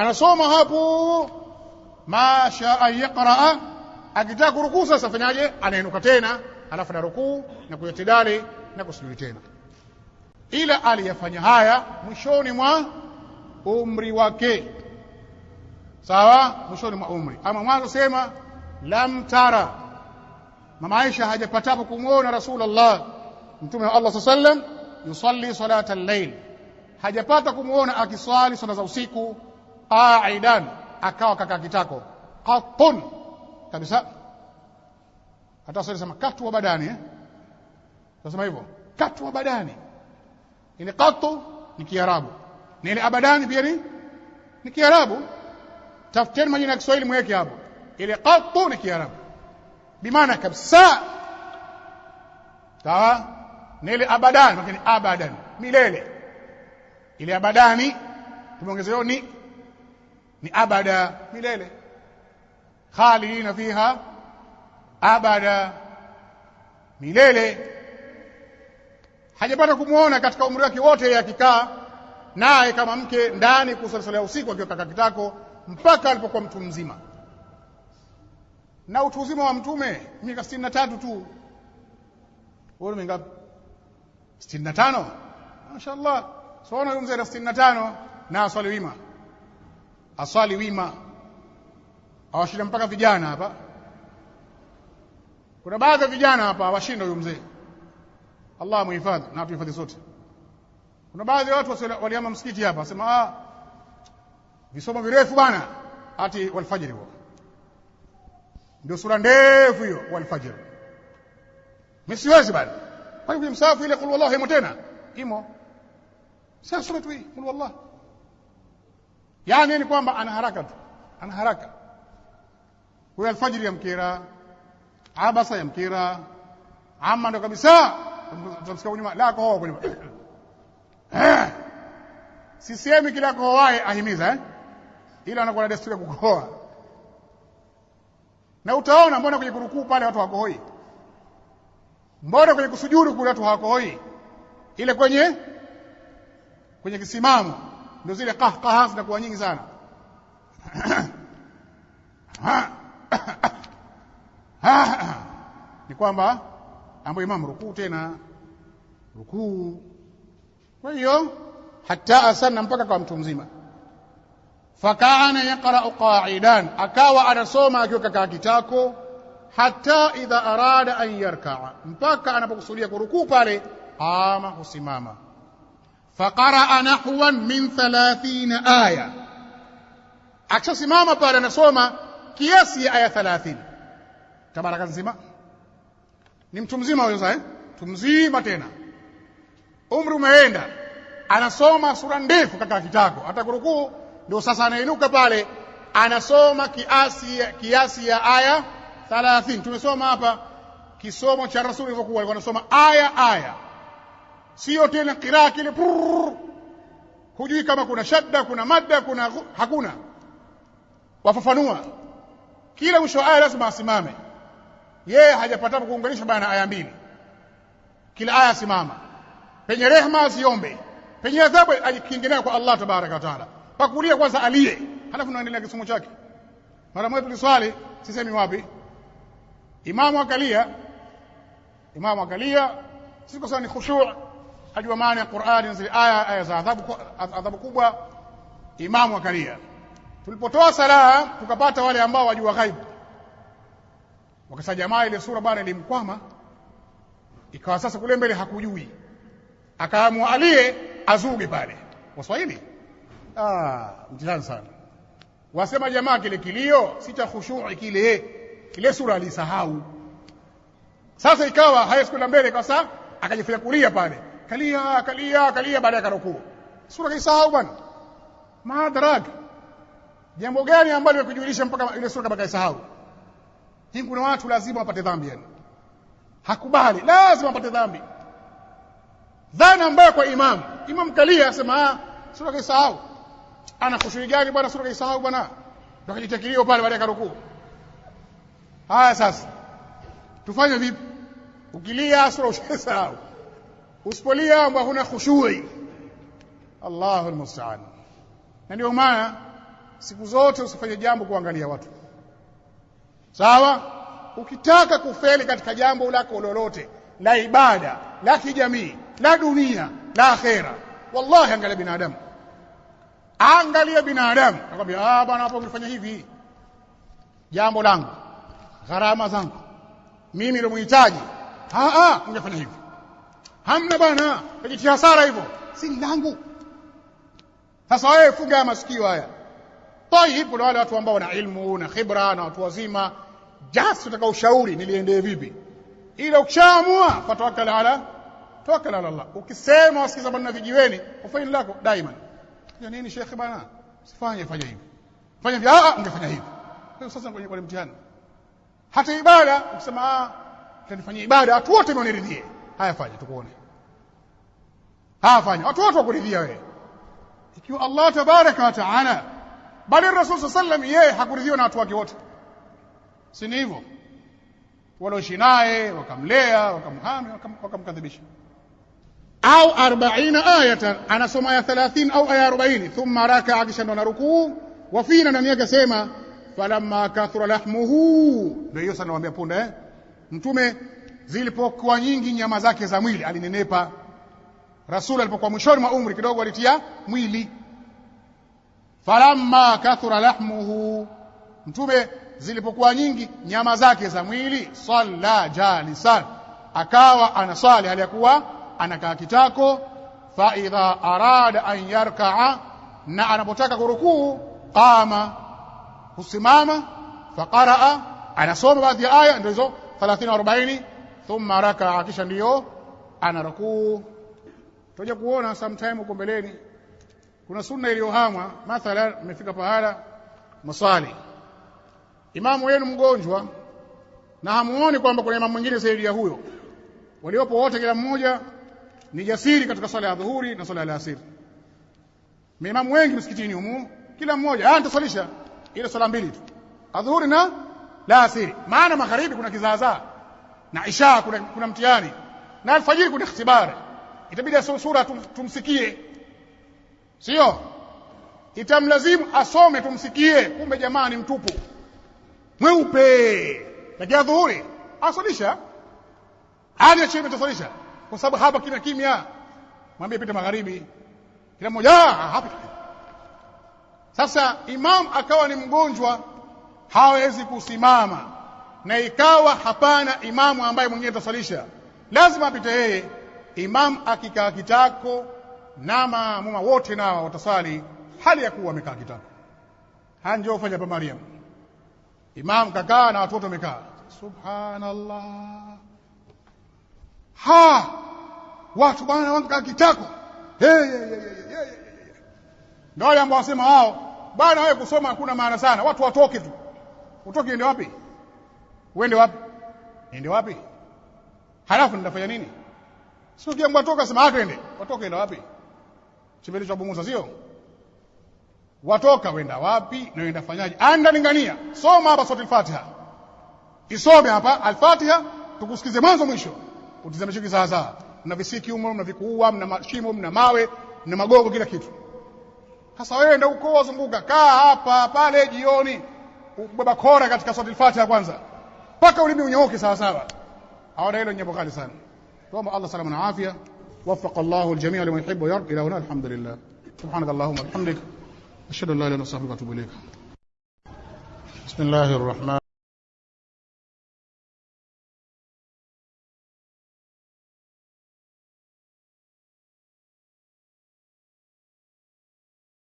anasoma hapo masha an yaqra akitaka kurukuu sasa fanyaje anainuka tena alafu na rukuu na kuyatidali na kusujudi tena ila aliyafanya haya mwishoni mwa umri wake sawa mwishoni mwa umri ama mwanzo sema lam tara mama Aisha hajapatapo kumwona Rasulullah mtume wa Allah sallam yusalli salata al-layl hajapata kumwona akiswali sala za usiku qaidan akawa kaka kitako qatun kabisa hata sasa sema katu wa badani eh nasema hivyo katu wa badani ile yaani qatu ni kiarabu ni ile abadani pia ni ni kiarabu tafuteni majina ya Kiswahili mweke hapo ile qatu ni kiarabu bimaana kabisa sawa ni ile abadani lakini abadan milele ile abadani tumeongezea ni ni abada milele khalidina fiha abada milele hajapata kumwona katika umri wake wote akikaa naye kama mke ndani kusalisalia usiku akiwa kaka kitako mpaka alipokuwa mtu mzima na utu uzima wa mtume miaka 63 tu wewe mingapi 65 mashaallah sawa huyo mzee ana 65 na aswali wima aswali wima awashinda mpaka vijana hapa. Kuna baadhi ya vijana hapa awashinda huyu mzee, Allah muhifadhi na atuhifadhi sote. Kuna baadhi ya watu waliama msikiti hapa, asema ah, visomo virefu bana, hati walfajiri huo ndio sura ndefu hiyo walfajiri. Mimi siwezi bana, kwani kwenye msahafu ile kul imo tena, imo sasa sura tu hii kul yaani ni kwamba ana haraka tu ana haraka huyo alfajiri ya mkira abasa ya mkira ama ndo kabisa tutamsikia kunyuma la kohoa kunyuma eh! sisemi kila kohoaye ahimiza eh ila anakuwa na desturi ya kukohoa na utaona mbona kwenye kurukuu pale watu hawakohoi mbona kwenye kusujudu kule watu hawakohoi ile kwenye kwenye kisimamo ndio zile kahkaha zinakuwa nyingi sana ni kwamba ambayo imamu rukuu tena rukuu kwa hiyo hata asanna mpaka kwa mtu mzima fakana yaqra'u qa'idan akawa anasoma akiwa kakaa kitako hata idha arada an yarkaa mpaka anapokusudia kurukuu pale ama husimama faqaraa nahwan min 30 aya akishasimama pale anasoma kiasi ya aya 30 tabaraka nzima ni mtu mzima huyo sasa eh? mtu mzima tena umri umeenda anasoma sura ndefu kaka kitako hata kurukuu ndio sasa anainuka pale anasoma kiasi kiasi ya aya 30 tumesoma hapa kisomo cha rasuli ilivyokuwa alikuwa anasoma aya aya sio tena kiraa kile prrr, hujui kama kuna shadda, kuna madda, kuna hakuna. Wafafanua kila mwisho wa aya lazima asimame yeye, hajapata kuunganisha bana aya mbili. Kila aya asimama penye rehma, asiombe penye adhabu, ajikingenea kwa Allah tabaraka wa taala. Pakulia kwanza aliye, halafu naendelea kisomo chake. Mara moja tuliswali, sisemi wapi, imamu akalia, imamu akalia, siko sana ni khushuu ajua maana ya Qur'ani zile aya aya za adhabu adhabu kubwa imamu akalia tulipotoa sala tukapata wale ambao wajua ghaibu wakasa jamaa ile sura bwana ilimkwama ikawa sasa kule mbele hakujui akaamua alie azuge pale waswahili ah mtihani sana wasema jamaa kile kilio si cha khushu'i kile ile sura alisahau sasa ikawa haya siku mbele kwa sasa akajifanya kulia pale kalia kalia kalia baada ya karukuu sura kaisahau bwana Madrak, jambo gani ambalo likujulisha mpaka ile sura kama kaisahau hii kuna watu lazima wapate dhambi yani hakubali lazima wapate dhambi dhana ambayo kwa imam imam kalia asema ah, sura kaisahau ana kushuri gani bwana sura kaisahau bwana ndio kajitakilio pale baada ya karukuu haya sasa tufanye vipi ukilia sura ushaisahau usipolia kwamba huna khushui Allahu almusta'an na ndio maana siku zote usifanye jambo kuangalia watu sawa ukitaka kufeli katika jambo lako lolote la ibada la kijamii la dunia la akhera wallahi angalia binadamu angalia binadamu akwambia ah bwana hapo ulifanya hivi jambo langu gharama zangu mimi ndio mhitaji ah ah ungefanya hivi hamna bana kajiti hasara hivyo sili langu sasa wewe funga ya masikio haya toi na wale watu ambao wana ilmu na khibra na watu wazima jasi utaka ushauri niliendee vipi ila ukishaamua fatawakkal ala tawakkal ala Allah ukisema wasikiza bwana vijiweni ufaini lako daima ya nini shekhi bana sifanye fanya hivi fanya hivi ah ungefanya hivi sasa kwenye kwa mtihani hata ibada ukisema ah nitafanya ibada watu wote waniridhie hayafanya tukuone hayafanya watu wote wakuridhia wewe ikiwa Allah tabaraka wa taala bali Rasul sallam yeye hakuridhiwa na watu wake wote si ni hivyo walioishi naye wakamlea wakamhami wakamkadhibisha au 40 ayatan anasoma ya 30 au aya 40 thumma raka akisha ndo narukuu wafina ndani yake sema falamma kathura lahmuhu ndio hiyo sana nawaambia punda eh mtume zilipokuwa nyingi nyama zake za mwili alinenepa rasul alipokuwa mwishoni mwa umri kidogo alitia mwili falamma kathura lahmuhu mtume zilipokuwa nyingi nyama zake za mwili salla jalisan akawa anaswali hali kuwa anakaa kitako fa idha arada an yarkaa na anapotaka kurukuu qama husimama faqaraa anasoma baadhi ya aya ndio hizo 30 40 thumma rakaa, kisha ndiyo anarakuu. Tutakuja kuona sometime huko mbeleni kuna sunna iliyohamwa. Mathalan, mmefika pahala maswali imamu wenu mgonjwa na hamuoni kwamba kuna imamu mwingine zaidi ya huyo. Waliopo wote, kila mmoja ni jasiri katika swala ya dhuhuri na swala ya alasiri. Maimamu wengi msikitini humu, kila mmoja ah, nitaswalisha ile swala mbili tu, adhuhuri na laasiri, maana magharibi kuna kizaazaa na isha kuna, kuna mtihani na alfajiri kuna ikhtibari itabidi asome sura tum, tumsikie sio itamlazimu asome tumsikie kumbe jamaa ni mtupu mweupe lakini dhuhuri asalisha hali ya chembe kwa sababu hapa kina kimya mwambie pita magharibi kila mmoja ah, hapa sasa imam akawa ni mgonjwa hawezi kusimama na ikawa hapana imamu ambaye mwenyewe atasalisha lazima apite yeye imamu akikaa kitako na maamuma wote nao watasali hali ya kuwa wamekaa kitako hanjo ufanya pa Mariam imamu kakaa na watoto wamekaa subhanallah ha watu bwana wangu kitako ndio wale ambao wasema wao bwana wewe kusoma hakuna maana sana watu watoke tu utoke ndio wapi uende wapi? Niende wapi? Halafu nitafanya nini? Sio kiambu watoka sema ah, twende. Watoka enda wapi? Chimeli cha bunguza sio? Watoka wenda wapi na wenda fanyaje? Andalingania. Ah, Soma hapa sura Al-Fatiha. Isome hapa Al-Fatiha tukusikize mwanzo mwisho. Utizame chiki sasa. sawa. Mna visiki humo, mna vikuua, mna mashimo, mna mawe, mna magogo kila kitu. Sasa wewe ndio uko wazunguka, kaa hapa pale jioni, ubeba kora katika sura Al-Fatiha kwanza. mpaka ulimi unyooke sawa sawa hawana hilo jambo kali sana tuomba Allah salama na afya وفق الله الجميع لما يحب ويرضى الى هنا الحمد لله سبحانك اللهم وبحمدك اشهد ان لا اله الا انت استغفرك واتوب اليك بسم الله الرحمن